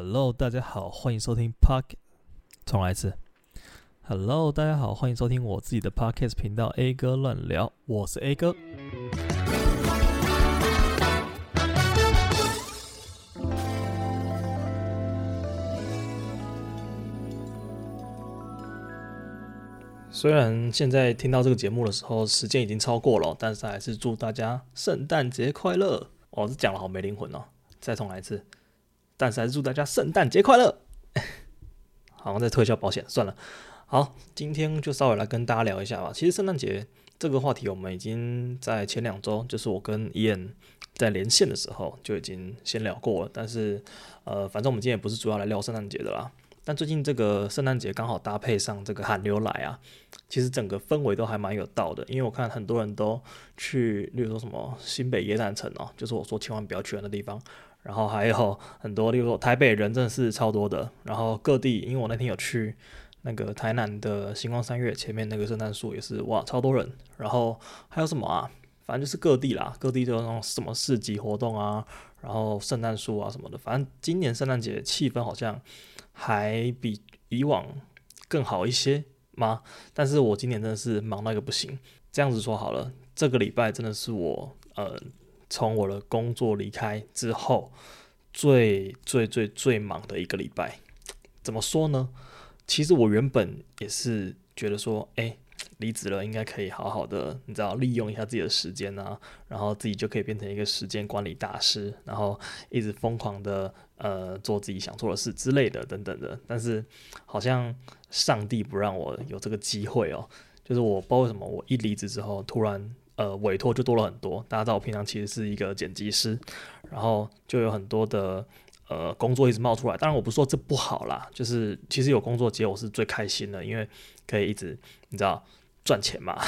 Hello，大家好，歡迎收聽 Park Podcast...。重來一次。Hello，大家好，歡迎收聽我自己的 Podcast 頻道 A 哥亂聊，我是 A 哥。雖然現在聽到這個節目的時候，時間已經超過了，但是還是祝大家聖誕節快樂。我這講了好沒靈魂哦、喔，再重來一次。但是還是祝大家聖誕節快樂！ 好，我在推銷保險算了。好，今天就稍微來跟大家聊一下吧。其實聖誕節這個話題，我們已經在前兩周，就是我跟伊恩在連線的時候就已經先聊過了。但是呃，反正我們今天也不是主要來聊聖誕節的啦。但最近這個聖誕節剛好搭配上這個寒流來啊，其實整個氛圍都還蠻有道的。因為我看很多人都去，例如說什麼新北耶誕城哦、啊，就是我說千萬不要去的地方。然後還有很多，例如說台北人真的是超多的。然後各地，因為我那天有去那個台南的新光三越前面那個聖誕樹也是，哇，超多人。然後還有什麼啊？反正就是各地啦，各地都有那種什麼市集活動啊，然後聖誕樹啊什麼的。反正今年聖誕節氣氛好像還比以往更好一些嘛？但是我今年真的是忙到一個不行。這樣子說好了，這個禮拜真的是我呃。從我的工作離開之後，最最最最忙的一個禮拜，怎麼說呢？其實我原本也是覺得說，哎、欸，離職了應該可以好好的，你知道，利用一下自己的時間啊，然後自己就可以變成一個時間管理大師，然後一直瘋狂的呃做自己想做的事之類的，等等的。但是好像上帝不讓我有這個機會哦，就是我不知道為什麼，我一離職之後突然。呃，委託就多了很多。大家知道，我平常其實是一個剪輯師，然後就有很多的呃工作一直冒出來。當然，我不是說這不好啦，就是其實有工作接，我是最開心的，因為可以一直你知道賺錢嘛。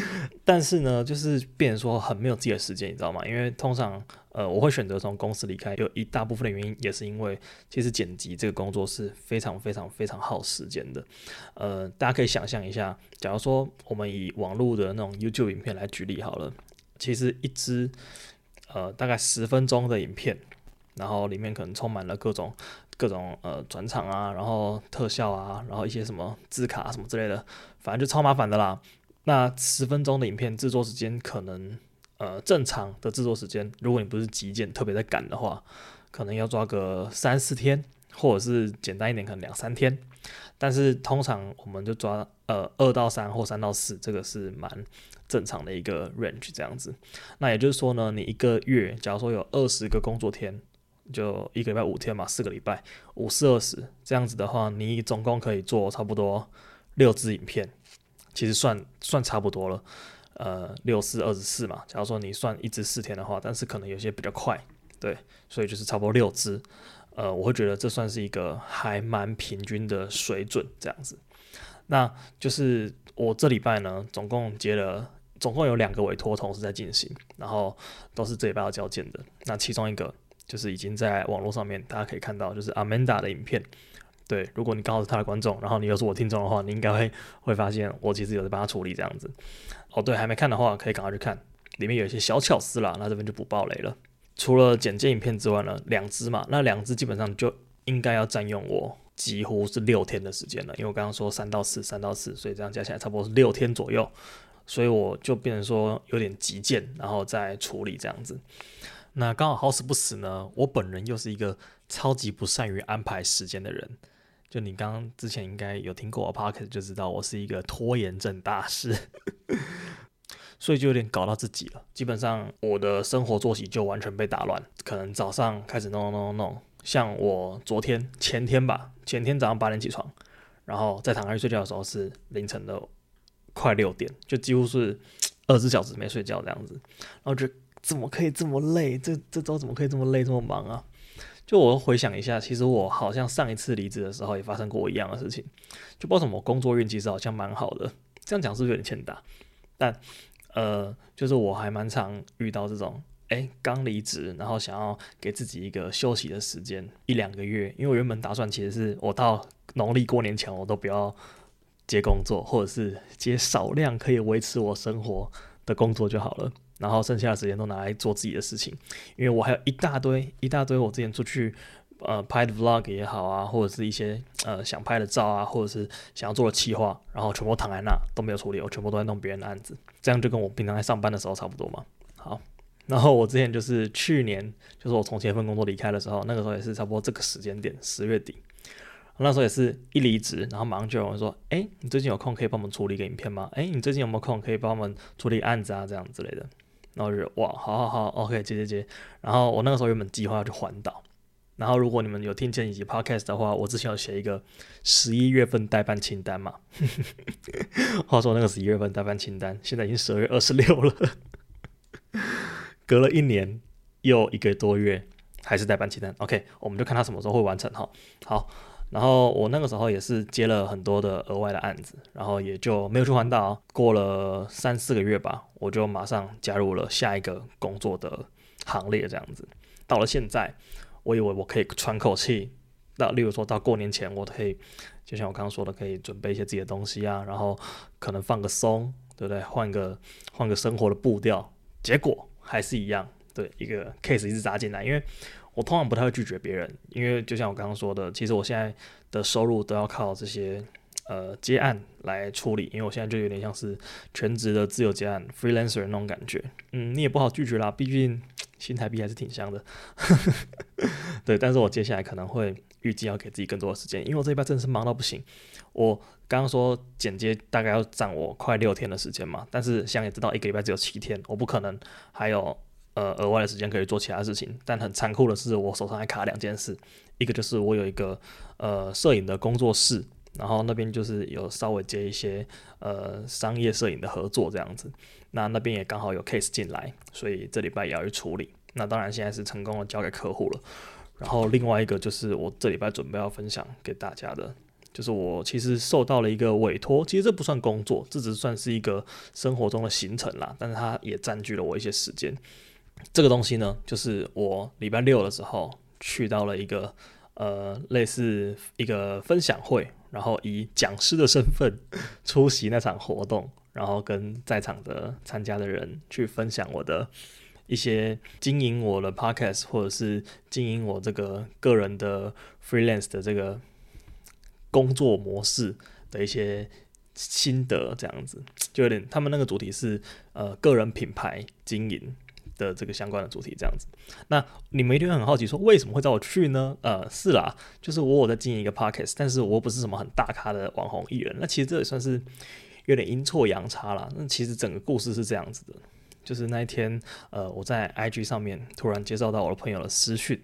但是呢，就是變成說很沒有自己的時間，你知道嗎？因為通常。呃，我會選擇從公司離開，有一大部分的原因也是因為，其實剪輯這個工作是非常非常非常耗時間的。呃，大家可以想象一下，假如說我們以網絡的那種 YouTube 影片來舉例好了，其實一支呃大概十分鐘的影片，然後裡面可能充滿了各種各種呃轉場啊，然後特效啊，然後一些什麼字卡啊什麼之類的，反正就超麻煩的啦。那十分鐘的影片製作時間可能。呃，正常的製作時間，如果你不是急件特別的趕的話，可能要抓個三四天，或者是簡單一點，可能兩三天。但是通常我們就抓呃二到三或三到四，這個是蠻正常的一個 range 這樣子。那也就是說呢，你一個月假如說有二十個工作日天，就一個禮拜五天嘛，四個禮拜五四二十這樣子的話，你總共可以做差不多六支影片，其實算算差不多了。呃，六四二十四嘛，假如說你算一至四天的話，但是可能有些比較快，對，所以就是差不多六支，呃，我會覺得這算是一個還蠻平均的水準這樣子。那就是我這禮拜呢，總共接了總共有兩個委托同時在進行，然後都是這禮拜要交件的。那其中一個就是已經在網絡上面大家可以看到，就是 Amanda 的影片。對，如果你剛好是他的觀眾，然後你又是我聽眾的話，你應該會會發現我其實有在幫他處理這樣子。哦，對，還沒看的話，可以趕快去看，裡面有一些小巧思啦。那這邊就不爆雷了。除了剪接影片之外呢，兩支嘛，那兩支基本上就應該要占用我幾乎是六天的時間了，因為我剛剛說三到四，三到四，所以這樣加起來差不多是六天左右，所以我就變成說有點急件，然後再處理這樣子。那剛好好死不死呢，我本人又是一個超級不善於安排時間的人。就你剛剛之前應該有聽過我 podcast，就知道我是一個拖延症大師， 所以就有點搞到自己了。基本上我的生活作息就完全被打亂，可能早上開始弄弄弄弄，像我昨天前天吧，前天早上八點起床，然後再躺下去睡覺的時候是凌晨的快六點，就幾乎是二十小時沒睡覺這樣子。然後就怎麼可以這麼累？這這週怎麼可以這麼累這麼忙啊？就我回想一下，其實我好像上一次離職的時候也發生過一樣的事情，就不知道怎麼，我工作運氣是好像蠻好的。這樣講是不是有點欠打？但呃，就是我還蠻常遇到這種，哎、欸，剛離職然後想要給自己一個休息的時間一兩個月，因為我原本打算其實是我到農曆過年前我都不要接工作，或者是接少量可以維持我生活的工作就好了。然後剩下的時間都拿來做自己的事情，因為我還有一大堆、一大堆我之前出去，呃拍的 vlog 也好啊，或者是一些呃想拍的照啊，或者是想要做的企劃，然後全部躺在那、啊、都沒有處理，我全部都在弄別人的案子，這樣就跟我平常在上班的時候差不多嘛。好，然後我之前就是去年，就是我從前一份工作離開的時候，那個時候也是差不多這個時間點，十月底，那個、時候也是一離職，然後馬上就有人說，哎，你最近有空可以幫我們處理個影片嗎？哎，你最近有沒有空可以幫我們處理案子啊？這樣之類的。然後就哇，好好好，OK，接接接。然後我那個時候原本計劃要去環島，然後如果你們有聽見以及 Podcast 的話，我之前有寫一個十一月份待辦清單嘛。 話說那個十一月份待辦清單，現在已經十二月二十六了， 隔了一年又一個多月，還是待辦清單。OK，我們就看他什麼時候會完成哈。好。然後我那個時候也是接了很多的額外的案子，然後也就沒有去環島。過了三四個月吧，我就馬上加入了下一個工作的行列。這樣子，到了現在，我以為我可以喘口氣。那例如說到過年前，我可以，就像我剛剛說的，可以準備一些自己的東西啊，然後可能放個鬆，對不對？換個換個生活的步調。結果還是一樣，對一個 case 一直砸進來，因為。我通常不太會拒絕別人，因為就像我剛剛說的，其實我現在的收入都要靠這些呃接案來處理，因為我現在就有點像是全職的自由接案 freelancer 那種感覺。嗯，你也不好拒絕啦，畢竟新台幣還是挺香的。 對，但是我接下來可能會預計要給自己更多的時間，因為我這禮拜真的是忙到不行。我剛剛說剪接大概要占我快六天的時間嘛，但是想也知道一個禮拜只有七天，我不可能還有。呃，額外的時間可以做其他事情，但很殘酷的是，我手上還卡兩件事，一個就是我有一個呃攝影的工作室，然後那邊就是有稍微接一些呃商業攝影的合作這樣子，那那邊也剛好有 case 進來，所以這禮拜也要去處理。那當然現在是成功的交給客戶了。然後另外一個就是我這禮拜準備要分享給大家的，就是我其實受到了一個委托，其實這不算工作，這只算是一個生活中的行程啦，但是它也占據了我一些時間。這個東西呢，就是我禮拜六的時候去到了一個呃類似一個分享會，然後以講師的身份出席那場活動，然後跟在場的參加的人去分享我的一些經營我的 podcast 或者是經營我這個個人的 freelance 的這個工作模式的一些心得，這樣子。就有點他們那個主題是呃個人品牌經營，的這個相關的主題這樣子，那你們一定會很好奇，說為什麼會找我去呢？呃，是啦，就是我有在經營一個 podcast，但是我又不是什麼很大咖的網紅藝人。那其實這也算是有點陰錯陽差啦。那其實整個故事是這樣子的，就是那一天，呃，我在 IG 上面突然接收到我的朋友的私訊，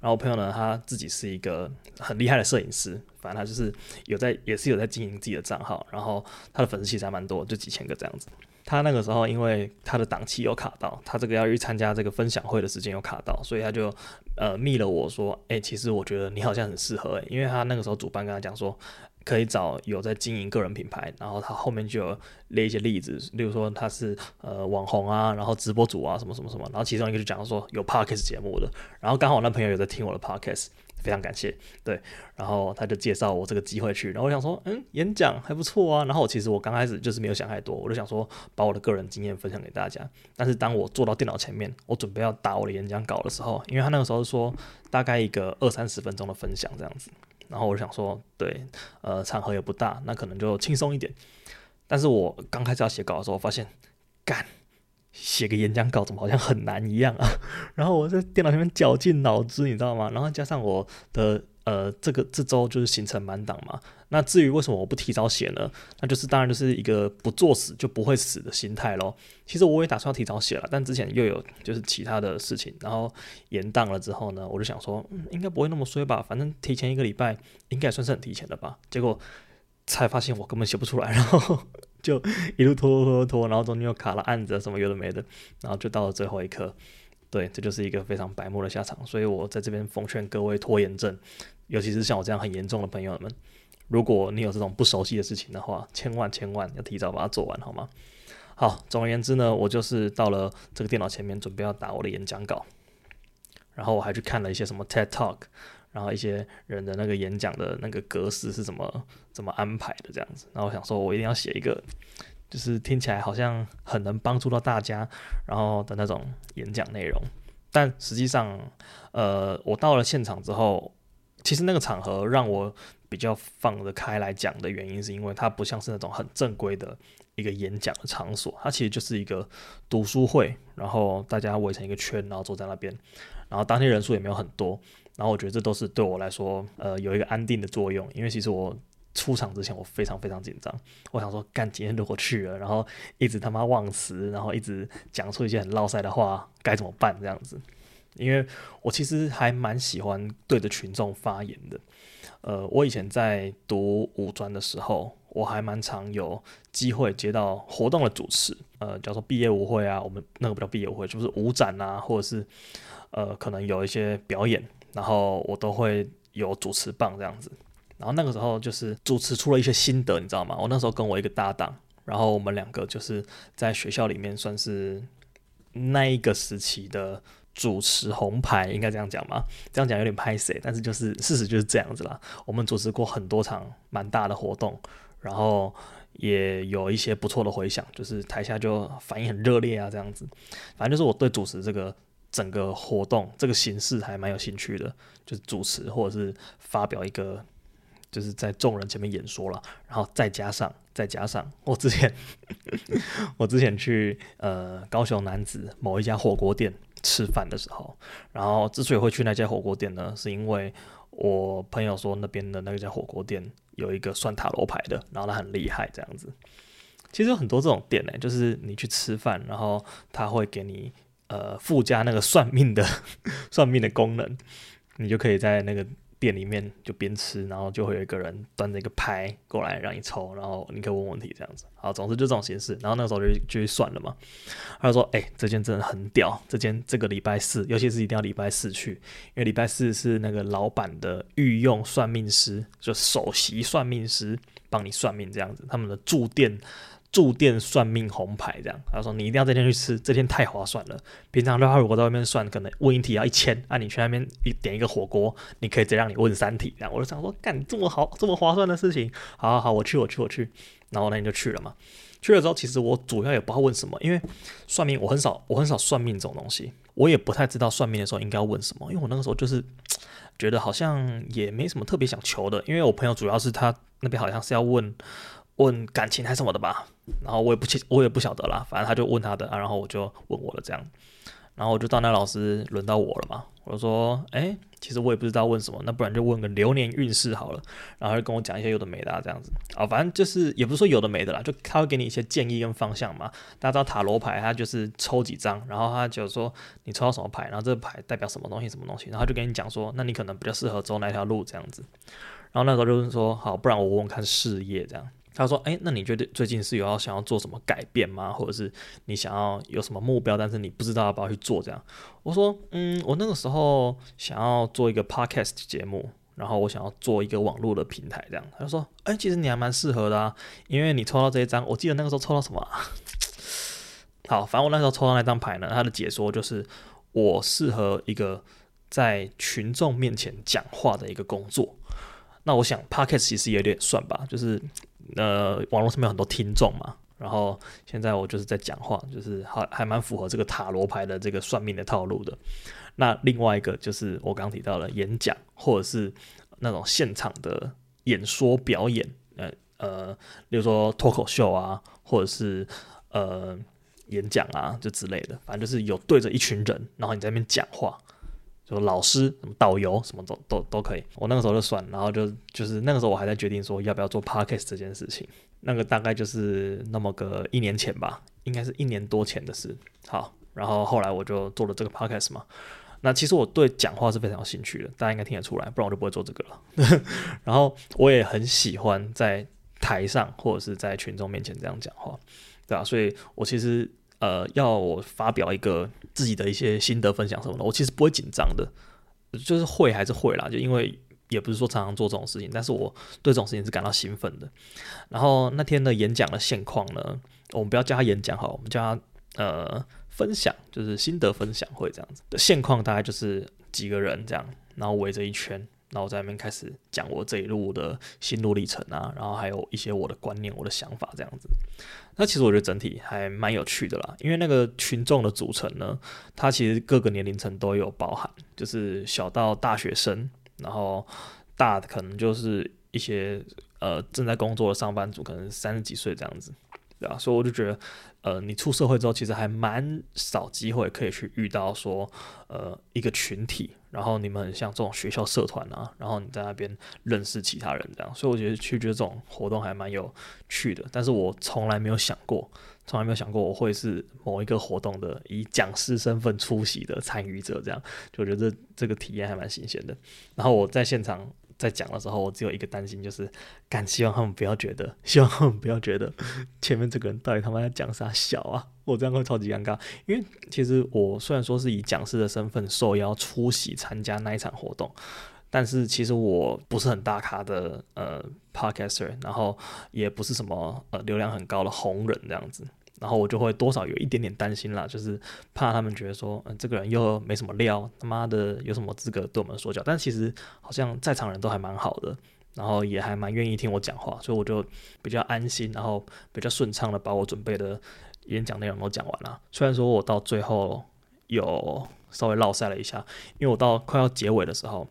然後我朋友呢他自己是一個很厲害的攝影師，反正他就是有在也是有在經營自己的賬號，然後他的粉絲其實還蠻多，就幾千個這樣子。他那個時候，因為他的檔期有卡到，他這個要去參加這個分享會的時間有卡到，所以他就呃密了我說，誒、欸，其實我覺得你好像很適合、欸，因為他那個時候主辦跟他講說，可以找有在經營個人品牌，然後他後面就有列一些例子，例如說他是呃網紅啊，然後直播主啊，什麼什麼什麼，然後其中一個就講說有 podcast 節目的，然後剛好我那朋友有在聽我的 podcast。非常感謝，對，然後他就介紹我這個機會去，然後我想說，嗯，演講還不錯啊。然後我其實我剛開始就是沒有想太多，我就想說把我的個人經驗分享給大家。但是當我坐到電腦前面，我準備要打我的演講稿的時候，因為他那個時候說大概一個二三十分鐘的分享這樣子，然後我就想說，對，呃，場合也不大，那可能就輕鬆一點。但是我剛開始要寫稿的時候，我發現幹。寫個演講稿怎麼好像很難一樣啊？然後我在電腦前面絞盡腦汁，你知道嗎？然後加上我的呃，這個這週就是行程滿檔嘛。那至於為什麼我不提早寫呢？那就是當然就是一個不作死就不會死的心態咯。其實我也打算提早寫了，但之前又有就是其他的事情，然後延檔了之後呢，我就想說，嗯，應該不會那麼衰吧，反正提前一個禮拜應該算是很提前了吧。結果才發現我根本寫不出來，然後。就一路拖拖拖拖，然後中間又卡了案子什麼有的沒的，然後就到了最後一刻。對，這就是一個非常白目的下場。所以我在這邊奉勸各位拖延症，尤其是像我這樣很嚴重的朋友們，如果你有這種不熟悉的事情的話，千萬千萬要提早把它做完，好嗎？好，總而言之呢，我就是到了這個電腦前面準備要打我的演講稿，然後我還去看了一些什麼 TED Talk。然後一些人的那個演講的那個格式是怎麼怎麼安排的這樣子，然後我想說我一定要寫一個，就是聽起來好像很能幫助到大家，然後的那種演講內容。但實際上，呃，我到了現場之後，其實那個場合讓我比較放得開來講的原因，是因為它不像是那種很正規的一個演講的場所，它其實就是一個讀書會，然後大家圍成一個圈，然後坐在那邊，然後當天人數也沒有很多。然後我覺得這都是對我來說，呃，有一個安定的作用。因為其實我出場之前，我非常非常緊張。我想說，幹今天如果去了，然後一直他媽忘詞，然後一直講出一些很嘮塞的話，該怎麼辦？這樣子。因為我其實還蠻喜歡對着群眾發言的。呃，我以前在讀五專的時候，我還蠻常有機會接到活動的主持，呃，叫做畢業舞會啊，我們那個不叫畢業舞會，就是舞展啊，或者是呃，可能有一些表演。然後我都會有主持棒這樣子，然後那個時候就是主持出了一些心得，你知道嗎？我那時候跟我一個搭檔，然後我們兩個就是在學校裡面算是那一個時期的主持紅牌，應該這樣講嗎？這樣講有點拍謝，但是就是事實就是這樣子啦。我們主持過很多場蠻大的活動，然後也有一些不錯的回響，就是台下就反應很熱烈啊這樣子。反正就是我對主持這個。整個活動這個形式還蠻有興趣的，就是主持或者是發表一個，就是在眾人前面演說了，然後再加上再加上我之前 我之前去呃高雄楠梓某一家火鍋店吃飯的時候，然後之所以會去那家火鍋店呢，是因為我朋友說那邊的那家火鍋店有一個算塔羅牌的，然後他很厲害這樣子。其實有很多這種店呢、欸，就是你去吃飯，然後他會給你。呃，附加那個算命的算命的功能，你就可以在那個店裡面就邊吃，然後就會有一個人端着一個牌過來讓你抽，然後你可以問問題這樣子。好，總之就這種形式，然後那個時候就就去算了嘛。他說：“誒、欸，這間真的很屌，這間這個禮拜四，尤其是一定要禮拜四去，因為禮拜四是那個老板的御用算命師，就首席算命師幫你算命這樣子，他們的住店。”住店算命紅牌這樣，他說你一定要這天去吃，這天太划算了。平常的話，如果在外面算，可能問一題要一千啊。你去那邊一點一個火鍋，你可以直接讓你問三題。這樣，我就想說，幹這麼好這麼划算的事情，好好好，我去我去我去，我去。然後那天就去了嘛。去了之後，其實我主要也不知道問什麼，因為算命我很少，我很少算命這種東西，我也不太知道算命的時候應該要問什麼。因為我那個時候就是覺得好像也沒什麼特別想求的，因為我朋友主要是他那邊好像是要問。問感情還是什麼的吧，然後我也不清我也不曉得啦，反正他就問他的啊，然後我就問我了這樣，然後我就到那老師輪到我了嘛，我就說哎、欸，其實我也不知道問什麼，那不然就問個流年運勢好了，然後就跟我講一些有的沒的、啊、這樣子啊，反正就是也不是說有的沒的啦，就他會給你一些建議跟方向嘛。大家知道塔羅牌，他就是抽幾張，然後他就說你抽到什麼牌，然後這個牌代表什麼東西什麼東西，然後就跟你講說，那你可能比較適合走哪條路這樣子。然後那時候就是說好，不然我問我看事業這樣。他說：“欸，那你覺得最近是有要想要做什麼改變嗎？或者是你想要有什麼目標，但是你不知道要不要去做這樣？”我說：“嗯，我那個時候想要做一個 podcast 節目，然後我想要做一個網絡的平台這樣。”他說：“欸，其實你還蠻適合的啊，因為你抽到這一張，我記得那個時候抽到什麼啊？好，反正我那時候抽到那張牌呢，他的解說就是我適合一個在群眾面前講話的一個工作。那我想 podcast 其實有點算吧，就是。”呃，網絡上面有很多聽眾嘛，然後現在我就是在講話，就是還還蠻符合這個塔羅牌的這個算命的套路的。那另外一個就是我剛提到了演講或者是那種現場的演說表演，呃呃，例如說脫口秀啊，或者是呃演講啊，就之類的，反正就是有對着一群人，然後你在那邊講話。就老師、什麼導遊、什麼都都都可以，我那個時候就算，然後就就是那個時候我還在決定說要不要做 podcast 這件事情，那個大概就是那麼個一年前吧，應該是一年多前的事。好，然後後來我就做了這個 podcast 嘛，那其實我對講話是非常有興趣的，大家應該聽得出來，不然我就不會做這個了。 然後我也很喜歡在台上或者是在群眾面前這樣講話，對吧，啊？所以我其實。呃，要我發表一個自己的一些心得分享什麼的，我其實不會緊張的，就是會還是會啦，就因為也不是說常常做這種事情，但是我對這種事情是感到興奮的。然後那天的演講的現況呢，我們不要叫他演講好，我們叫他呃分享，就是心得分享會這樣子。現況大概就是幾個人這樣，然後圍着一圈。然後我在那邊開始講我這一路的心路歷程啊，然後還有一些我的觀念、我的想法這樣子。那其實我覺得整體還蠻有趣的啦，因為那個群眾的組成呢，它其實各個年齡層都有包含，就是小到大學生，然後大的可能就是一些呃正在工作的上班族，可能三十幾歲這樣子，對啊。所以我就覺得，呃，你出社會之後，其實還蠻少機會可以去遇到說，呃，一個群體。然後你們很像這種學校社團啊，然後你在那邊認識其他人這樣，所以我覺得去這種活動還蠻有趣的。但是我從來沒有想過，從來沒有想過我會是某一個活動的以講師身份出席的參與者這樣，就覺得這個體驗還蠻新鮮的。然後我在現場，在講的時候，我只有一個擔心，就是幹，希望他們不要覺得，希望他們不要覺得前面這個人到底他媽在講啥小啊！我這樣會超級尷尬。因為其實我雖然說是以講師的身份受邀出席參加那一場活動，但是其實我不是很大咖的呃 podcaster，然後也不是什麼呃流量很高的紅人這樣子。然後我就會多少有一點點擔心啦，就是怕他們覺得說，嗯、呃，這個人又沒什麼料，他媽的有什麼資格對我們說教？但其實好像在場人都還蠻好的，然後也還蠻願意聽我講話，所以我就比較安心，然後比較順暢的把我準備的演講內容都講完了。雖然說我到最後有稍微落賽了一下，因為我到快要結尾的時候，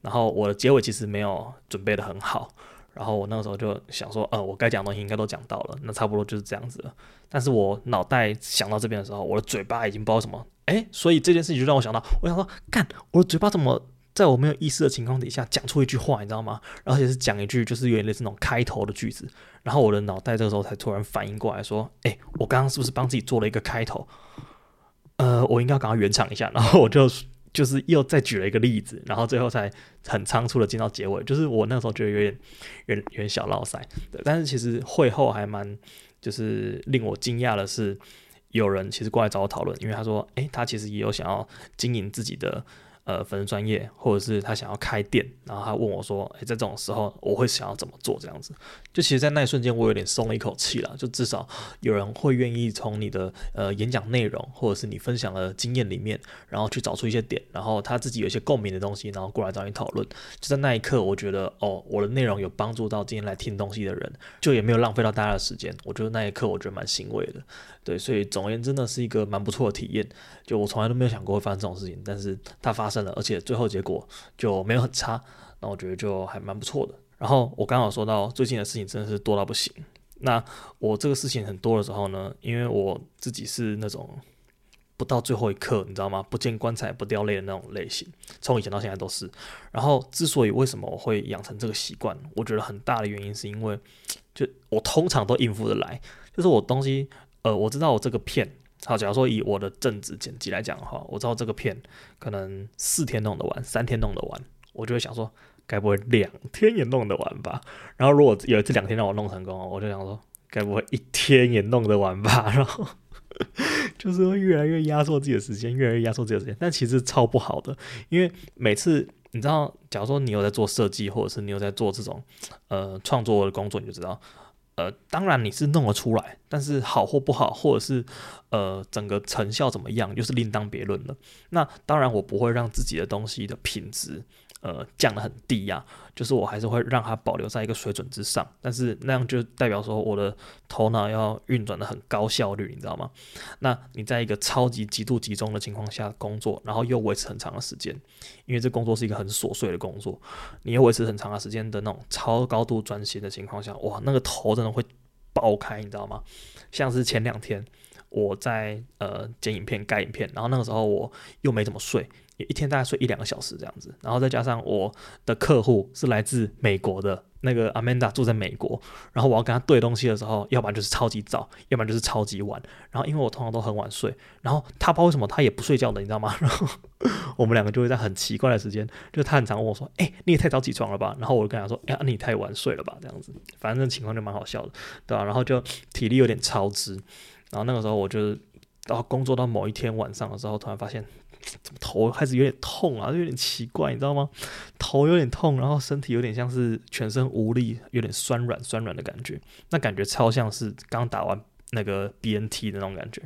然後我的結尾其實沒有準備的很好。然後我那個時候就想說，呃，我該講的東西應該都講到了，那差不多就是這樣子了。但是我腦袋想到這邊的時候，我的嘴巴已經不知道什麼，哎，所以這件事情就讓我想到，我想說，幹，我的嘴巴怎麼在我沒有意識的情況底下講出一句話，你知道嗎？而且是講一句，就是有點類似那種開頭的句子。然後我的腦袋這個時候才突然反應過來說，哎，我剛剛是不是幫自己做了一個開頭？呃，我應該趕快圓場一下。然後我就。就是又再舉了一個例子，然後最後才很倉促的進到結尾。就是我那時候覺得有點、有點、有點小落賽。對，但是其實會後還蠻，就是令我驚訝的是，有人其實過來找我討論，因為他說，誒，他其實也有想要經營自己的呃粉絲專頁，或者是他想要開店，然後他問我說，誒，在這種時候我會想要怎麼做這樣子。就其實，在那一瞬間，我有點鬆了一口氣了。就至少有人會願意從你的呃演講內容，或者是你分享的經驗裡面，然後去找出一些點，然後他自己有一些共鳴的東西，然後過來找你討論。就在那一刻，我覺得哦，我的內容有幫助到今天來聽東西的人，就也沒有浪費到大家的時間。我覺得那一刻，我覺得蠻欣慰的。對，所以總而言之，真的是一個蠻不錯的體驗。就我從來都沒有想過會發生這種事情，但是它發生了，而且最後結果就沒有很差。那我覺得就還蠻不錯的。然後我剛好說到最近的事情真的是多到不行。那我這個事情很多的時候呢，因為我自己是那種不到最後一刻你知道嗎？不見棺材不掉淚的那種類型，從以前到現在都是。然後之所以為什麼我會養成這個習慣，我覺得很大的原因是因為，就我通常都應付得來，就是我東西，呃，我知道我這個片，好，假如說以我的正職剪輯來講的話，我知道這個片可能四天弄得完，三天弄得完，我就會想說。該不會兩天也弄得完吧？然後如果有一次兩天讓我弄成功，我就想說，該不會一天也弄得完吧？然後 就是會越來越壓縮自己的時間，越來越壓縮自己的時間。但其實超不好的，因為每次你知道，假如說你有在做設計，或者是你有在做這種呃創作的工作，你就知道，呃，當然你是弄得出來，但是好或不好，或者是呃整個成效怎麼樣，又是另當別論的。那當然，我不會讓自己的東西的品質。呃，降得很低呀、啊，就是我還是會讓它保留在一個水準之上，但是那樣就代表說我的頭腦要運轉得很高效率，你知道嗎？那你在一個超級極度集中的情況下工作，然後又維持很長的時間，因為這工作是一個很瑣碎的工作，你要維持很長的時間的那種超高度專心的情況下，哇，那個頭真的會爆開，你知道嗎？像是前兩天我在呃剪影片、改影片，然後那個時候我又沒怎麼睡。一天大概睡一兩個小時這樣子，然後再加上我的客戶是來自美國的那個 Amanda 住在美國，然後我要跟他對東西的時候，要不然就是超級早，要不然就是超級晚。然後因為我通常都很晚睡，然後他不知道為什麼他也不睡覺的，你知道嗎？然後我們兩個就會在很奇怪的時間，就他很常跟我說：“哎、欸，你也太早起床了吧？”然後我就跟他說：“哎、欸，你太晚睡了吧？”這樣子，反正情況就蠻好笑的，對吧、啊？然後就體力有點超支。然後那個時候，我就然後工作到某一天晚上的時候，突然發現。頭開始有點痛啊，就有點奇怪，你知道嗎？頭有點痛，然後身體有點像是全身無力，有點酸軟酸軟的感覺。那感覺超像是剛打完那個 BNT 的那種感覺。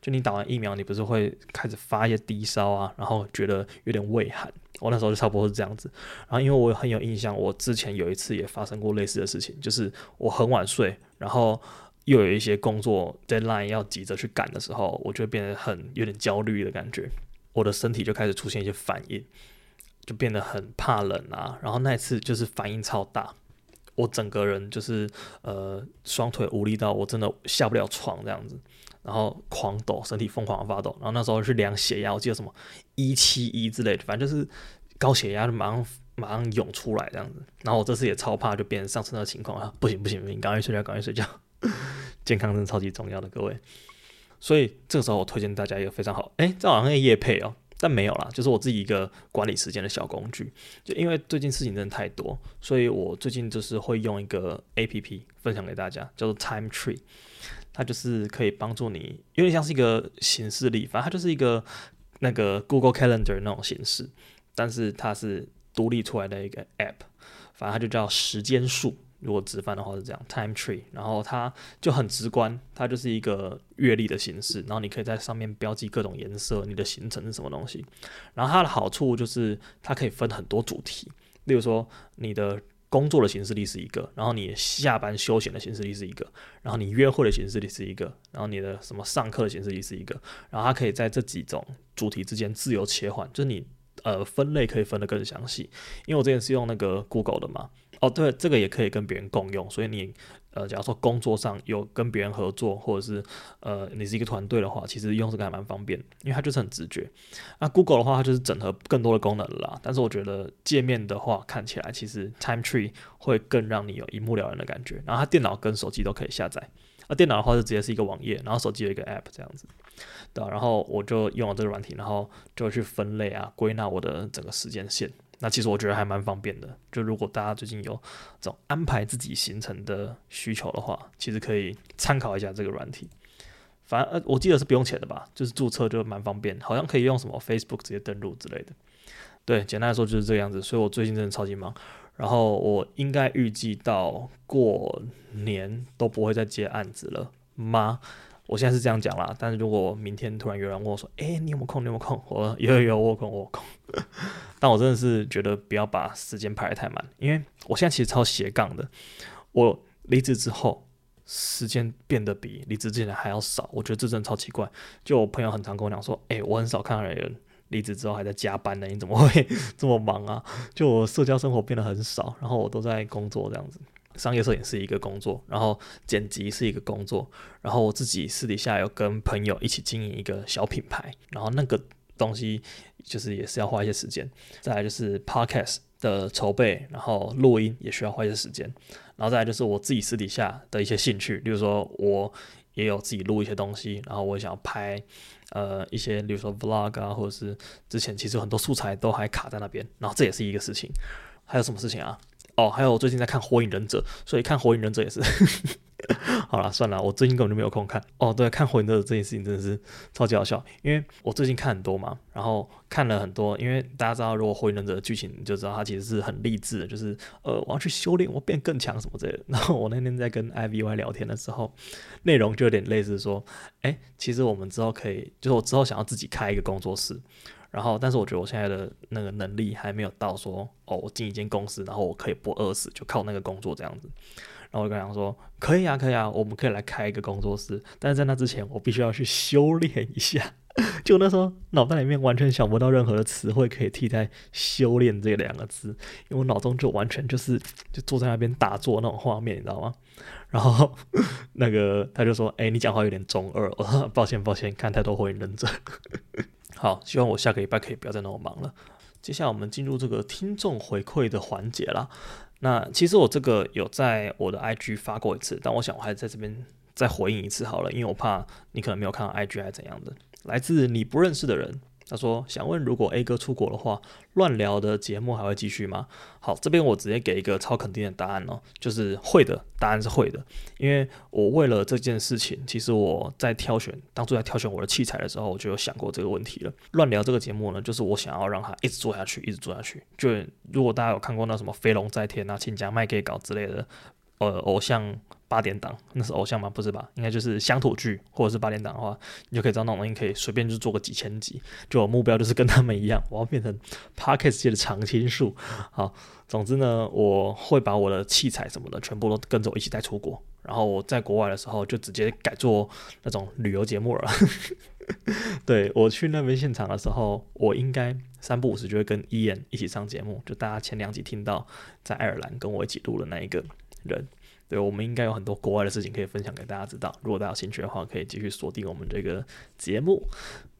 就你打完疫苗，你不是會開始發一些低燒啊，然後覺得有點畏寒。我那時候就差不多是這樣子。然後因為我很有印象，我之前有一次也發生過類似的事情，就是我很晚睡，然後又有一些工作 deadline 要急着去趕的時候，我就變得很有點焦慮的感覺。我的身體就開始出現一些反應，就變得很怕冷啊。然後那一次就是反應超大，我整個人就是呃雙腿無力到我真的下不了床這樣子，然後狂抖，身體瘋狂發抖。然後那時候是量血壓，我記得什麼一七一之類的，反正就是高血壓就馬上馬上湧出來這樣子。然後我這次也超怕，就變成上次那個情況啊，不行不行不行，趕快睡覺，趕快睡覺， 健康真的超級重要的各位。所以這個時候，我推薦大家一個非常好，哎，這好像業配哦，但沒有啦。就是我自己一個管理時間的小工具。就因為最近事情真的太多，所以我最近就是會用一個 A P P 分享給大家，叫做 Time Tree，它就是可以幫助你，有點像是一個行事曆，反正它就是一個那個 Google Calendar 那種形式，但是它是獨立出來的一個 App，反正它就叫時間樹。如果直翻的話是這樣，Time Tree，然後它就很直觀，它就是一個月曆的形式，然後你可以在上面標記各種顏色，你的行程是什麼東西。然後它的好處就是它可以分很多主題，例如說你的工作的行事曆是一個，然後你下班休閒的行事曆是一個，然後你約會的行事曆是一個，然後你的什麼上課的行事曆是一個，然後它可以在這幾種主題之間自由切換，就是你呃分類可以分得更詳細。因為我之前是用那個 Google 的嘛。哦，對，這個也可以跟別人共用，所以你，呃，假如說工作上有跟別人合作，或者是，呃，你是一個團隊的話，其實用這個還蠻方便，因為它就是很直覺。那 Google 的話，它就是整合更多的功能啦，但是我覺得界面的話，看起來其實 Time Tree 會更讓你有一目了然的感覺。然後它電腦跟手機都可以下載，那電腦的話就直接是一個網頁，然後手機有一個 App 這樣子。對啊，然後我就用了這個軟體，然後就會去分類啊、歸納我的整個時間線。那其實我覺得還蠻方便的，就如果大家最近有這種安排自己行程的需求的話，其實可以參考一下這個軟體。反正，呃，我記得是不用錢的吧，就是註冊就蠻方便，好像可以用什麼 Facebook 直接登錄之類的。對，簡單來說就是這個樣子。所以我最近真的超級忙，然後我應該預計到過年都不會再接案子了嗎？我現在是這樣講啦，但是如果明天突然有人問我說：“誒、欸，你有沒有空？你有沒有空？”我說：“有有有，我有空我有空。” 但我真的是覺得不要把時間排得太滿，因為我現在其實超斜槓的。我離職之後，時間變得比離職之前還要少，我覺得這真的超奇怪。就我朋友很常跟我講說：“誒、欸，我很少看到有人離職之後還在加班呢，你怎麼會這麼忙啊？”就我社交生活變得很少，然後我都在工作這樣子。商業攝影是一個工作，然後剪輯是一個工作，然後我自己私底下有跟朋友一起經營一個小品牌，然後那個東西就是也是要花一些時間。再來就是 podcast 的籌備，然後錄音也需要花一些時間。然後再來就是我自己私底下的一些興趣，例如說我也有自己錄一些東西，然後我想要拍呃一些，例如說 vlog 啊，或者是之前其實很多素材都還卡在那邊，然後這也是一個事情。還有什麼事情啊？哦，還有我最近在看《火影忍者》，所以看《火影忍者》也是。 好了，算了，我最近根本就沒有空看。哦，對，看《火影忍者》的這件事情真的是超級好笑，因為我最近看很多嘛，然後看了很多。因為大家知道，如果《火影忍者》的劇情，你就知道它其實是很勵志的，就是呃，我要去修煉，我變更強什麼之類的。然後我那天在跟 Ivy 聊天的時候，內容就有點類似說，哎、欸，其實我們之後可以，就是我之後想要自己開一個工作室。然後，但是我覺得我現在的那個能力還沒有到說，哦，我進一間公司，然後我可以不餓死，就靠那個工作這樣子。然後我跟他說，可以啊，可以啊，我們可以來開一個工作室。但是在那之前，我必須要去修煉一下。就 那時候，腦袋裡面完全想不到任何的詞彙可以替代“修煉”這兩個字，因為我腦中就完全就是就坐在那邊打坐那種畫面，你知道嗎？然後 那個他就說，哎、欸，你講話有點中二哦，我說抱歉抱歉，看太多火影忍者。 好，希望我下個禮拜可以不要再那麼忙了。接下來我們進入這個聽眾回饋的環節啦。那其實我這個有在我的 IG 發過一次，但我想我還是在這邊再回應一次好了，因為我怕你可能沒有看到 IG 還是怎樣的。來自你不認識的人。他說：“想問，如果 A 哥出國的話，亂聊的節目還會繼續嗎？”好，這邊我直接給一個超肯定的答案哦，就是會的，答案是會的。因為我為了這件事情，其實我在挑選，當初在挑選我的器材的時候，我就有想過這個問題了。亂聊這個節目呢，就是我想要讓他一直做下去，一直做下去。就如果大家有看過那什麼飛龍在天啊、親家麥給搞之類的，呃，偶像。八點檔那是偶像嗎？不是吧，應該就是鄉土劇或者是八點檔的話，你就可以找那種東西可以隨便就做個幾千集。就我目標就是跟他們一樣，我要變成 Podcast 界的常青樹。好，總之呢，我會把我的器材什麼的全部都跟着我一起帶出國，然後我在國外的時候就直接改做那種旅遊節目了。 對，我去那邊現場的時候，我應該三不五時就會跟伊恩一起上節目，就大家前兩集聽到在愛爾蘭跟我一起錄的那一個人。對，我們應該有很多國外的事情可以分享給大家知道。如果大家有興趣的話，可以繼續鎖定我們這個節目。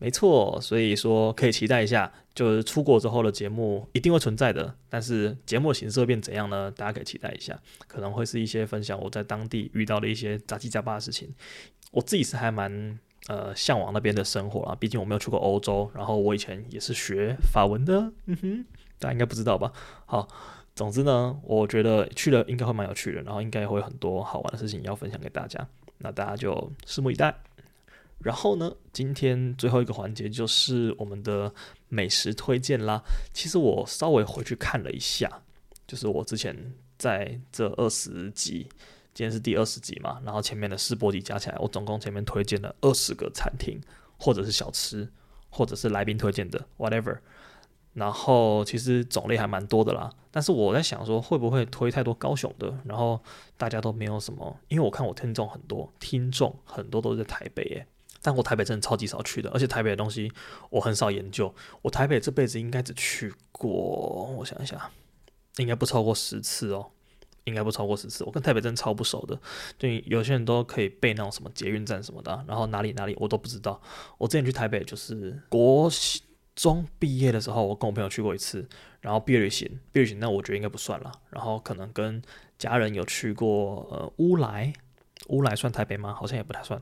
沒錯，所以說可以期待一下，就是出國之後的節目一定會存在的。但是節目形式會變怎樣呢？大家可以期待一下，可能會是一些分享我在當地遇到的一些雜七雜八的事情。我自己是還蠻，呃，嚮往那邊的生活啊，畢竟我沒有去過歐洲。然後我以前也是學法文的，嗯哼，大家應該不知道吧？好。總之呢，我覺得去了應該會蠻有趣的，然後應該也會有很多好玩的事情要分享給大家，那大家就拭目以待。然後呢，今天最後一個環節就是我們的美食推薦啦。其實我稍微回去看了一下，就是我之前在這二十集，今天是第二十集嘛，然後前面的試播集加起來，我總共前面推薦了二十個餐廳，或者是小吃，或者是來賓推薦的，whatever。然後其實種類還蠻多的啦，但是我在想說會不會推太多高雄的，然後大家都沒有什麼，因為我看我聽眾很多，聽眾很多都是在台北耶。但我台北真的超級少去的，而且台北的東西我很少研究，我台北這輩子應該只去過，我想一想，應該不超過十次哦，應該不超過十次，我跟台北真超不熟的，對，有些人都可以背那種什麼捷運站什麼的，然後哪裡哪裡我都不知道，我之前去台北就是國中畢業的時候，我跟我朋友去過一次，然後畢業旅行，畢業旅行那我覺得應該不算了。然後可能跟家人有去過，呃，烏來，烏來算台北嗎？好像也不太算。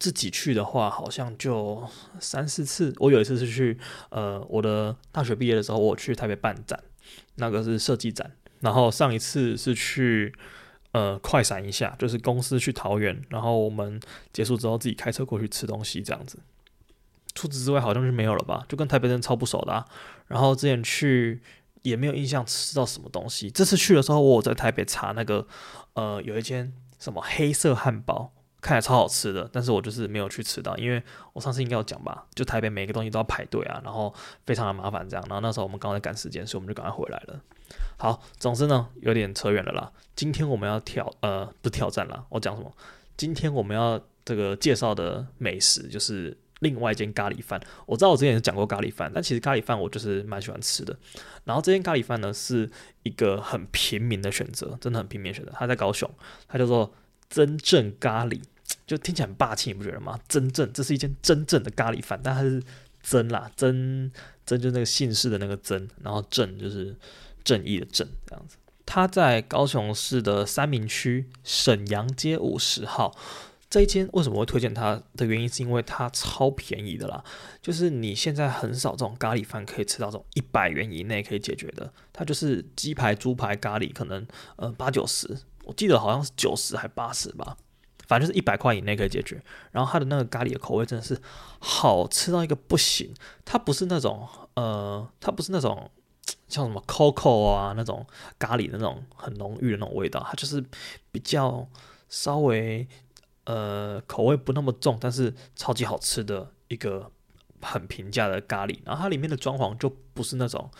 自己去的話，好像就三四次。我有一次是去，呃，我的大學畢業的時候，我去台北辦展，那個是設計展。然後上一次是去，呃，快閃一下，就是公司去桃園，然後我們結束之後自己開車過去吃東西，這樣子。除此之外，好像就沒有了吧？就跟台北人超不熟的啊。然後之前去也沒有印象吃到什麼東西。這次去的時候，我在台北查那個，呃，有一間什麼黑色漢堡，看起來超好吃的，但是我就是沒有去吃到，因為我上次應該要講吧，就台北每個東西都要排隊啊，然後非常的麻煩這樣。然後那時候我們剛好趕時間，所以我們就趕快回來了。好，總之呢，有點扯遠了啦。今天我們要挑，呃，不挑戰啦，我講什麼？今天我們要這個介紹的美食就是。另外一間咖喱飯，我知道我之前也講過咖喱飯，但其實咖喱飯我就是蠻喜歡吃的。然後這間咖喱飯呢是一個很平民的選擇，真的很平民的選擇。它在高雄，它叫做“真正咖喱”，就聽起來很霸氣，你不覺得嗎？“真正”這是一間真正的咖喱飯，但它是“真”啦，“真”“真”就是那個姓氏的那個“真”，然後“正”就是正義的“正”這樣子。它在高雄市的三民區瀋陽街五十號。這一間為什麼會推薦它的原因，是因為它超便宜的啦。就是你現在很少這種咖喱飯可以吃到，這種一百元以內可以解決的。它就是雞排、豬排咖喱，可能呃八九十，8, 90, 我記得好像是九十還八十吧，反正就是一百塊以內可以解決。然後它的那個咖喱的口味真的是好吃到一個不行。它不是那種呃，它不是那種像什麼 Coco 啊那種咖喱的那種很濃郁的那種味道，它就是比較稍微。呃，口味不那麼重，但是超級好吃的一個很平價的咖喱。然後它裡面的裝潢就不是那種，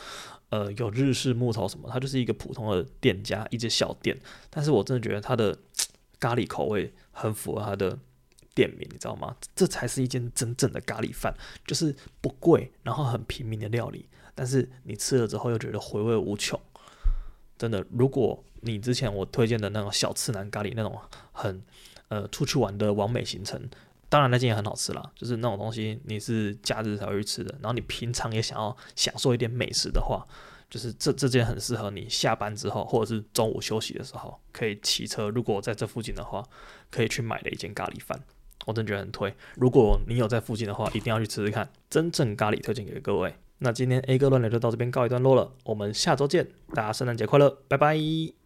呃，有日式木頭什麼，它就是一個普通的店家，一間小店。但是我真的覺得它的咖喱口味很符合它的店名，你知道嗎？這才是一間真正的咖喱飯，就是不貴，然後很平民的料理，但是你吃了之後又覺得回味無窮。真的，如果你之前我推薦的那種小次男咖喱那種很。呃，出去玩的完美行程，當然那間也很好吃啦，就是那種東西你是假日才會去吃的。然後你平常也想要享受一點美食的話，就是這這件很適合你下班之後，或者是中午休息的時候，可以騎車。如果在這附近的話，可以去買的一間咖喱飯，我真覺得很推。如果你有在附近的話，一定要去吃吃看，真正咖喱推薦給各位。那今天 A 哥亂聊就到這邊告一段落了，我們下周見，大家聖誕節快樂，拜拜。